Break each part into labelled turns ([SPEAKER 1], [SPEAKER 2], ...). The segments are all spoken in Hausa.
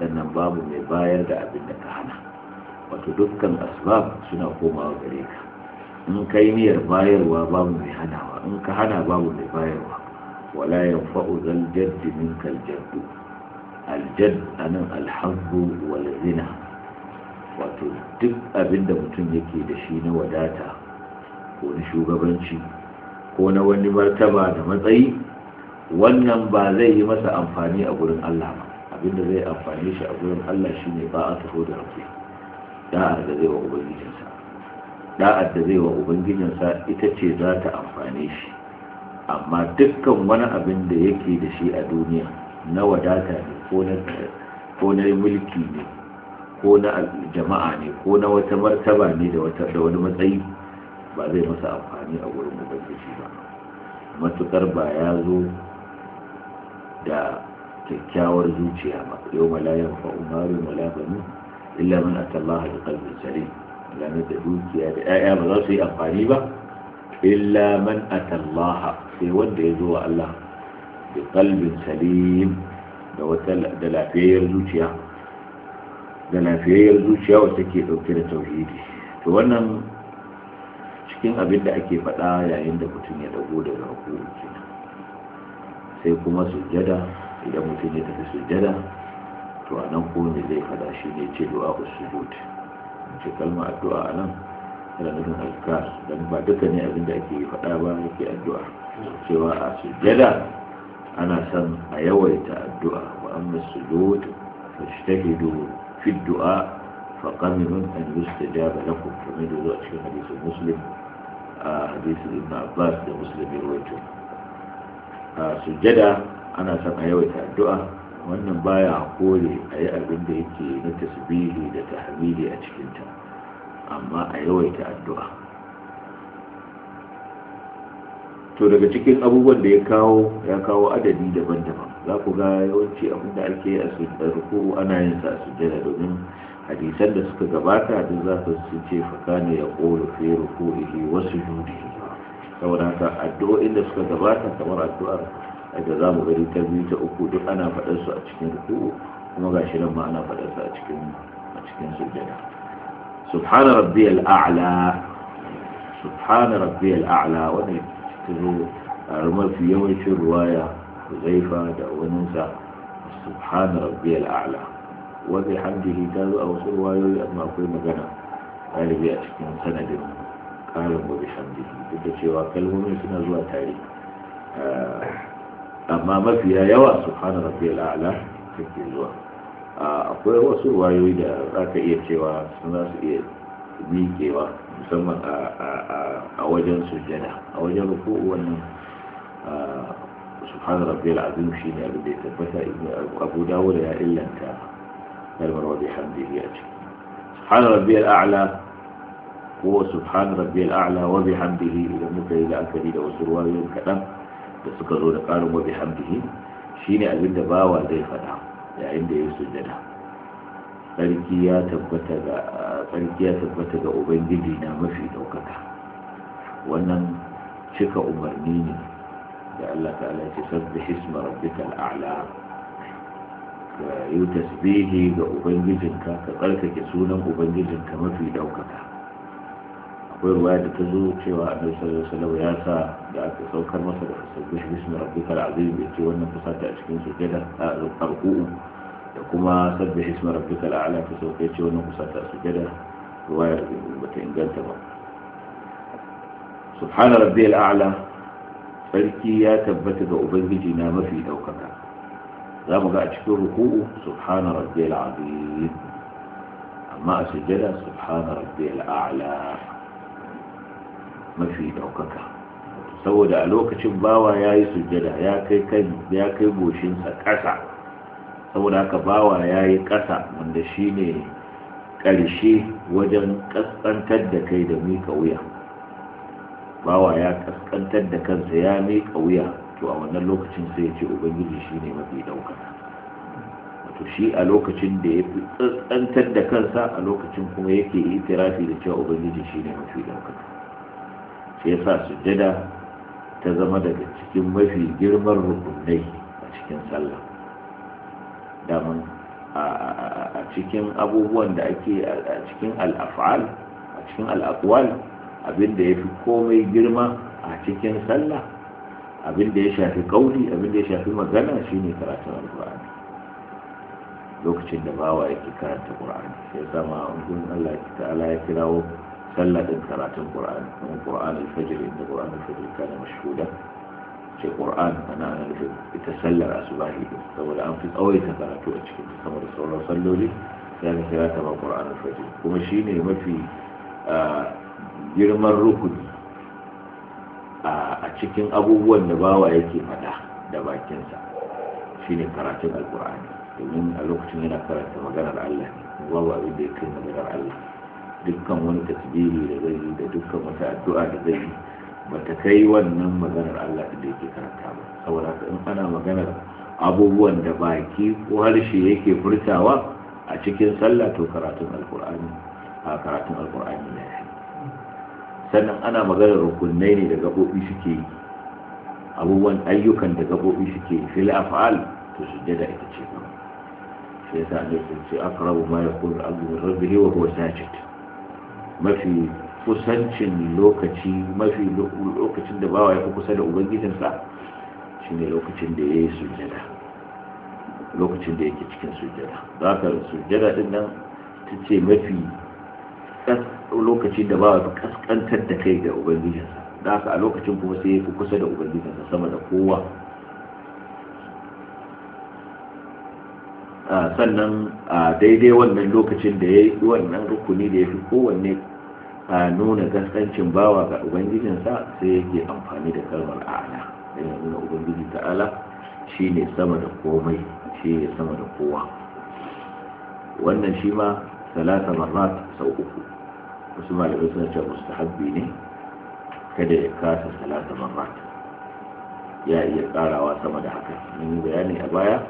[SPEAKER 1] sannan babu mai bayar da abin da ka hana wato dukkan asbab suna komawa gare ka in yi niyyar bayarwa babu mai hanawa in ka hana babu mai bayarwa wala ya zal jaddi min al jaddu anan al wal zina wato duk abin da mutum yake da shi na wadata ko na shugabanci ko na wani martaba da matsayi wannan ba zai yi masa amfani a gurin Allah ba Abin da zai amfani shi a gurin Allah shine ba a taho da da'ar da zai wa ubangijinsa da'ar da zai wa ubangijinsa ita ce za ta amfane shi amma dukkan wani abin da yake da shi a duniya na wadata ne ko na mulki ne ko na jama'a ne ko na wata martaba ne da wani matsayi ba zai masa amfani a gurin ubangiji ba matukar ba ya zo da kyakkyawar zuciya ba yau mala yan fa'umaru mala banu illa man atallaha bi qalbin salim ranar da dukiya da 'ya'ya ba za su yi amfani ba illa man atallaha sai wanda ya zo wa Allah bi qalbin salim da wata da lafiyayyar zuciya da lafiyar zuciya wacce ke dauke da tauhidi to wannan cikin abin da ake faɗa yayin da mutum ya dago daga hukumar sai kuma sujjada idan mutum ta tafi sujjada to a nan zai shi ne ce du'a ku sujud ce kalma addu'a a nan yana nufin alkar don ba duka ne abin da ake faɗa ba yake addu'a cewa a sujjada ana san a yawaita addu'a wa amma sujud fa shtahidu fi du'a fa qamiru an yustajaba lakum to ne dole a cikin hadisin musulun. a hadisin ibn abbas da muslim ya rawaito a sujjada ana son a yawaita addu'a wannan baya kore a yi abin da yake na tasbihi da tahmidi a cikinta amma a yawaita addu'a to daga cikin abubuwan da ya kawo ya kawo adadi daban-daban za ku ga yawanci abin da ake a rukuru ana yin sa a sujjada domin hadisan da suka gabata duk za su su ce fakani ya ƙoro fi ruku'ihi wasu yudi saboda haka addu'o'in da suka gabata kamar addu'ar daga za mu gari ta biyu ta uku duk ana faɗar su a cikin ruku kuma ga shi nan ma ana faɗar su a cikin a cikin sujjada subhana rabbiyal a'la subhana rabbiyal a'la wannan ta zo a mafi yawancin ruwaya zaifa da waninsa subhana rabbiyal a'la wani hamdihi ta zo a wasu ruwayoyi amma akwai magana galibi a cikin sanadin ƙarin gobe shamdihi duk da cewa kalmomin suna zuwa tare ah, amma mafiya yawa subhana rabbiyal a'la ke zuwa akwai wasu wayoyi da za ka iya cewa suna su iya miƙewa musamman a wajen sujjada a wajen ruku wannan subhana rabbiyal azim shi ne da ya tabbata ibnu abu da ya illanta kalmar wa bihamdihi a ciki subhana rafi a'la ko subhana rabbiyal a'la wa bihamdihi idan muka yi la'akari da wasu ruwayoyin kaɗan da suka zo da ƙarin wabi hamdihi shine abin da bawa zai faɗa yayin da ya sujjada tsarki ya tabbata ga ubangiji na mafi ɗaukaka wannan cika umarni ne da Allah ta'ala ce sabbi hisma rabbikal a'la ka yi tasbihi ga ubangijinka ka tsarkake sunan ubangijinka mafi ɗaukaka akwai ruwaya da ta zo cewa annabi sallallahu alaihi wasallam ya sa da aka saukar masa da sabbih bismi rabbikal azim ya ce wannan fasata a cikin sujada a ruku'u da kuma sabbih bismi rabbikal a'la ta sauke ce wannan fasata a sujada ruwaya bata inganta ba subhana rabbiyal a'la sarki ya tabbata ga ubangiji na mafi daukaka za mu ga a cikin ruku'u subhana rabbiyal azim amma a sujada subhana rabbiyal a'la mafi ɗaukaka saboda a lokacin bawa ya yi sujjada ya kai kan ya kai goshinsa ƙasa saboda haka bawa ya yi ƙasa wanda shi ne ƙarshe wajen ƙasƙantar da kai da miƙa wuya bawa ya ƙasƙantar da kansa ya miƙa wuya to a wannan lokacin sai ya ce ubangiji shi ne mafi ɗaukaka wato shi a lokacin da ya fi tsantsantar da kansa a lokacin kuma yake tirafi da cewa ubangiji shi ne mafi ɗaukaka shi yasa sujjada ta zama daga cikin mafi girman rukunai a cikin sallah daman a cikin abubuwan da ake a cikin al'afal a cikin al'akwal abinda ya fi komai girma a cikin sallah abinda ya shafi kauli abinda ya shafi magana shine karatun alfahari lokacin da bawa ke karanta ƙura'ani sai zama abubuwan Allah ta'ala ya kirawo sallah din karatun qur'ani kuma qur'an al-fajr inda qur'an al-fajr kana mashhuda ce qur'an ana ita sallar asubahi saboda an fi tsawaita karatu a cikin sama sauran salloli ya ga kira ta ba qur'an al-fajr kuma shine mafi girman rukuni a cikin abubuwan da bawa yake faɗa da bakinsa shine karatun alkur'ani domin a lokacin yana karanta maganar Allah babu abin da ya kai maganar Allah dukkan wani tasbihi da zai yi da dukkan wata addu'a da zai yi bata kai wannan maganar Allah da yake karanta ba saboda in ana maganar abubuwan da baki ko harshe yake furtawa a cikin sallah to karatun alqur'ani a karatun alqur'ani ne sannan ana maganar rukunai ne da gabobi suke yi abubuwan ayyukan da gabobi suke yi fil af'al to sujjada ita ce gaba sai yasa ne sun ce aqrabu ma yaqulu al-abdu rabbihi wa huwa sajid mafi kusancin lokaci mafi lokacin da bawa ya fi kusa da ubangijinsa shi ne lokacin da ya yi sujada lokacin da yake cikin sujada za ka sujada din nan ta ce mafi lokacin da bawa ya fi kaskantar da kai da ubangijinsa da haka a lokacin kuma sai ya fi kusa da ubangijinsa sama da kowa ah, sannan a ah, daidai wannan lokacin da ya yi wannan rukuni da ya fi kowanne a nuna gaskancin bawa ga ubangijinsa sai yake amfani da kalmar ala da ya nuna ubangiji ta'ala shi ne sama da komai shi ne sama da kowa wannan shi ma salasa marat sau uku wasu malamai suna cewa mustahabbi ne kada ya kasa salasa marat ya iya karawa sama da haka mun yi bayani a baya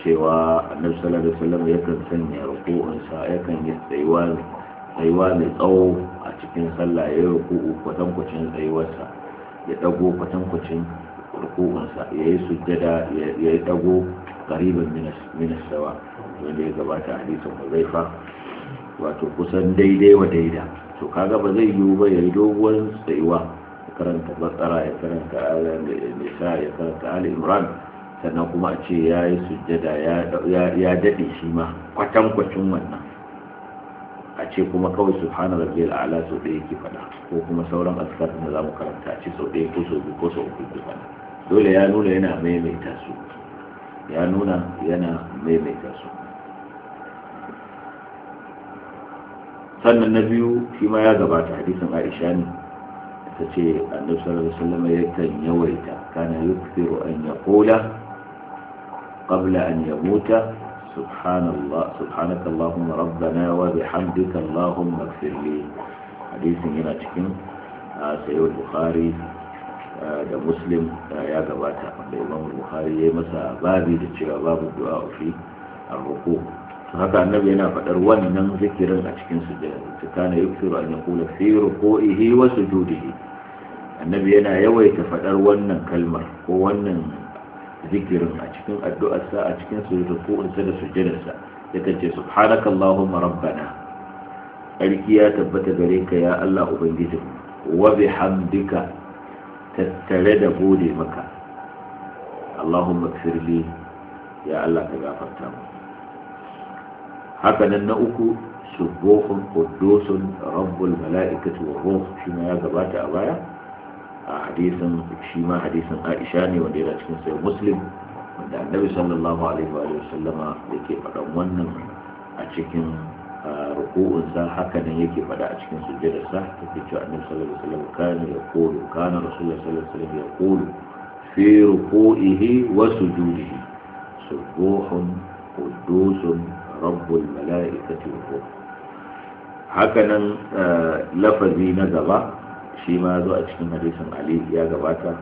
[SPEAKER 1] cewa annabi sallallahu alaihi wasallam yakan sanya ruku'unsa yakan yi tsayuwa tsayuwa mai tsawo a cikin sallah ya yi ruku'u kwatankwacin tsayuwarsa ya ɗago kwatankwacin ruku'unsa ya yi sujjada ya yi dago ƙariban minasawa wanda ya gabata a hadisin huzaifa wato kusan daidai wa daida to kaga ba zai yiwu ba ya yi doguwar tsayuwa ya karanta batsara ya karanta nisa ya karanta ali imran sannan kuma a ce ya yi sujjada ya daɗe shi ma kwatankwacin wannan ce kuma kawai subhana rabbiyal a'la sau ɗaya yake faɗa ko kuma sauran azkar da za mu karanta ce sau ɗaya ko sau biyu ko sau uku yake faɗa dole ya nuna yana maimaita su ya nuna yana maimaita su sannan na biyu shi ma ya gabata hadisin Aisha ne ta ce annabi sallallahu alaihi wasallam yakan yawaita kana yukthiru an yaqula qabla an yamuta سبحان الله سبحانك اللهم ربنا وبحمدك اللهم اغفر لي حديث هنا cikin ah, sayyid bukhari ah, da muslim ah, ya gabata da imam bukhari ya masa babi da cewa babu du'a fi arruku to haka annabi yana fadar wannan zikirin a cikin sujada kana yukthiru an yaqula fi ruku'ihi wa sujudihi annabi yana yawaita fadar wannan kalmar ko wannan zikirin a cikin addu'arsa a cikin rukunsa da sujjadarsa yakan ce subhanakallahumma rabbana sarki ya tabbata gare ka ya Allah ubangijin wa bihamdika tattare da gode maka Allahumma gfirli ya Allah ka gafarta mu haka nan na uku subuhun quddusun rabbul mala'ikati war ruh shi ya gabata a baya a hadisin shi ma hadisin aisha ne wanda yana cikin sai muslim wanda annabi sallallahu alaihi wa sallama yake faɗan wannan a cikin sa, haka nan yake faɗa a cikin sujjadarsa take cewa annabi sallallahu alaihi wa sallam kana yaqulu kana rasulullahi sallallahu alaihi wa sallam yaqulu fi ruku'ihi wa sujudihi subuhun qudusun rabbul mala'ikati wa ruh haka nan eh, lafazi na gaba shi ma zo a cikin hadisin ali ya gabata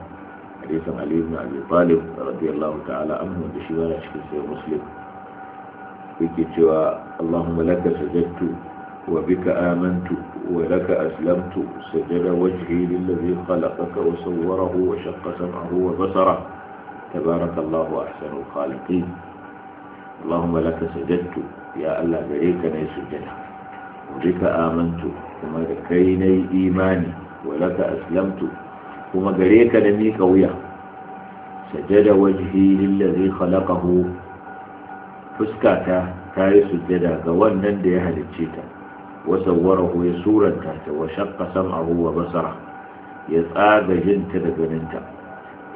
[SPEAKER 1] hadisin ali ibn abi talib radiyallahu ta'ala anhu da shi ma a cikin sai muslim yake cewa allahumma laka sajadtu wa bika amantu wa laka aslamtu sajada wajhi lillazi khalaqaka wa sawwarahu wa shaqqa sam'ahu wa basara tabaraka Allahu ahsanul khaliqin Allahumma laka sajadtu ya Allah gare ka الله بريك wa bika amantu kuma da kai nayi imani ولك أسلمت كما غريك نميك ويا سجد وجهي للذي خلقه فسكاتا تاي سجدا غوانا دي أهل الشيطة وصوره يسورا تاتا وشق سمعه وبصره يتآغ جنت لجننت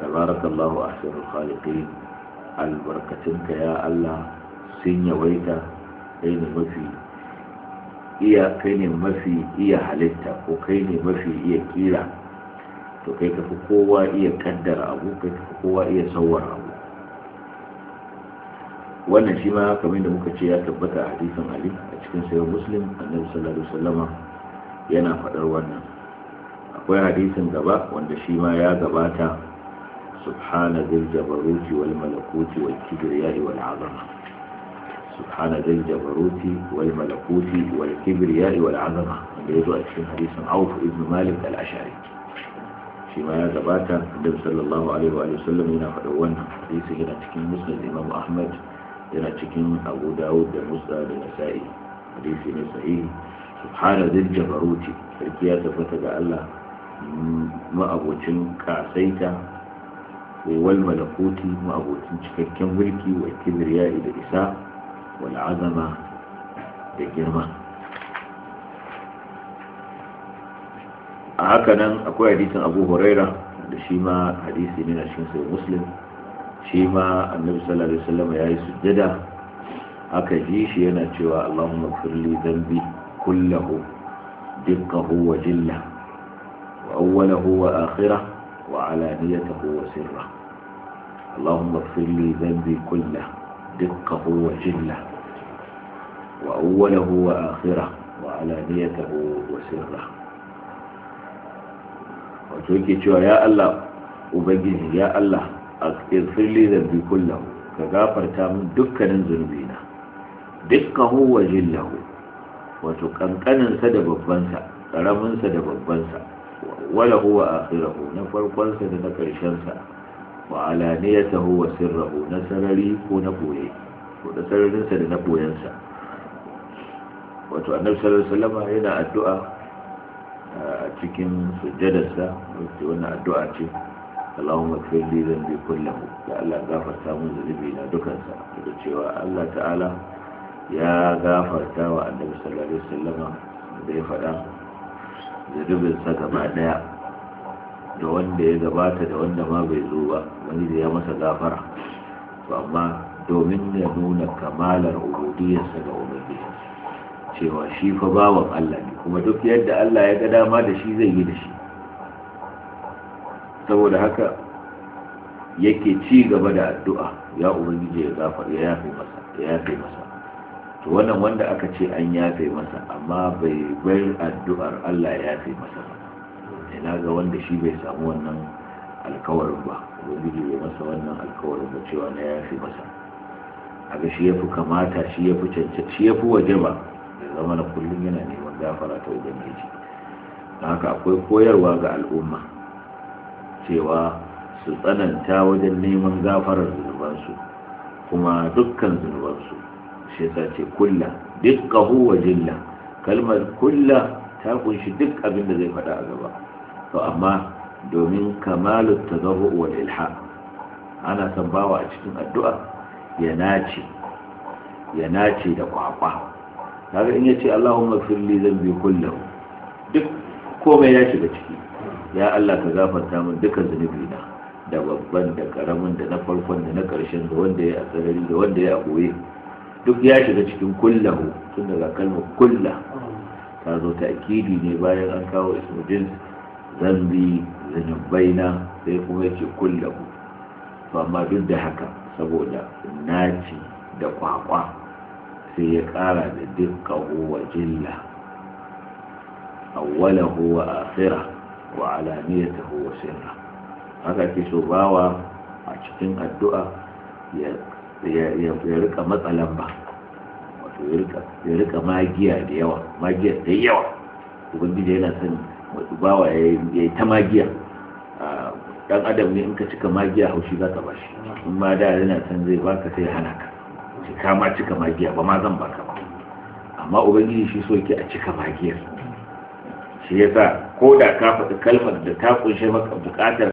[SPEAKER 1] تبارك الله أحسن الخالقين albarkatunka ya Allah sun yawaita ɗaya mafi iya kai ne mafi iya halitta ko kai ne mafi iya kira to kai ka fi kowa iya kaddara abu kai ka fi kowa iya sauwar abu wannan shi ma kamar da muka ce ya tabbata a hadisin ali a cikin sayan muslim annabi sallallahu alaihi wasallama yana faɗar wannan akwai hadisin gaba wanda shi ma ya gabata subhana zil jabaruti wal malakuti wal kibriya wal azama سبحان ذي الجبروت والملكوت والكبرياء والعظمة يجوز أكشن حديث عوف ابن مالك الأشعري فيما يتباتا النبي صلى الله عليه وآله وسلم هنا فأولنا حديث هنا تكين مسلم الإمام أحمد هنا تكين أبو داود المسلم النسائي حديث هنا صحيح سبحان ذي الجبروت فالكيات فتد الله ما أبو كعسيتا wal malakuti ma'abocin cikakken mulki wa kibriya da isa wal'azama da girma a hakanan akwai hadisin abu huraira da shi ma hadisi ne na cikin sai muslim shi ma annabi ya yi aka ji shi yana cewa allahumma kulli dhanbi kullahu dukkahu wa jilla wa awwalahu wa akhirah wa alaniyatahu wa sirrah اللهم اغفر لي ذنبي كله دقه وجله أوله وآخره وعلانيته وسره وتوكي تشوى يا الله وبجيه يا الله اغفر لي ذنبي كله كغافر تامن دكان ذنوبينا دقه وجله وتقنقن سدب بنسا قرمن سدب بنسا وله وآخره نفر قنسا نكرشنسا وعلانيته وسره نسرري ونبويه ونسررنسا لنبوينسا wato annabi sallallahu alaihi wasallam yana addu'a a cikin sujjadarsa wato wannan addu'a ce Allahumma ighfir li dhanbi kullahu da Allah gafarta mun zunubi na dukansa da cewa Allah ta'ala ya gafarta wa annabi sallallahu alaihi wasallam da ya faɗa sa gaba daya da wanda ya gabata da wanda ma bai zo ba wani da ya masa gafara to amma domin ya nuna kamalar ubudiyarsa ga ubangi cewa shi fa bawan Allah ne kuma duk yadda Allah ya ga dama da shi zai yi da shi saboda haka yake ci gaba da addu'a ya ubangiji ya gafara ya yafe masa ya yafe masa to wannan wanda aka ce an yafe masa amma bai bar addu'ar Allah ya yafe masa ba ina eh, ga wanda shi bai samu wannan alkawarin ba ubangiji bai masa wannan alkawarin ba cewa na yafe masa a ga shi ya fi kamata shi ya fi shi ya fi waje ba zamana kullum yana neman gafara ta ubangiji haka akwai koyarwa ga al'umma cewa su tsananta wajen neman gafarar zunubansu kuma dukkan zunubansu shi yasa ce kulla dukkahu wa jilla kalmar kulla ta kunshi duk abin da zai faɗa a gaba to amma domin kamalu tazarru wal ilha ana son bawa a cikin addu'a ya nace ya nace da kwakwa kaga in yace Allahumma ighfir li dhanbi kullahu duk komai ya shiga ciki ya Allah ka gafarta min dukkan zunubi na da babban da karamin da na farkon da na karshen da wanda ya tsarari da wanda ya goye duk ya shiga cikin kullahu tun daga kalmar kullah ta zo ta akidi ne bayan an kawo ismudin zanbi zunubai na sai kuma yace kullahu to amma duk da haka saboda naci da kwakwa sai ya ƙara da dukka wa jilla awwala huwa akhira wa alaniyatahu huwa sirra haka ke so bawa a cikin addu'a ya rika matsalan ba wato ya rika magiya da yawa magiya da yawa ubangiji yana son wato bawa ya yi ta magiya dan adam ne in ka cika magiya haushi za ka bashi in ma da yana son zai baka sai hana ka ce kama cika magiya ba ma zan baka ba amma ubangiji shi so yake a cika magiyar shi yasa ko da ka faɗi kalmar da ta kunshe maka bukatar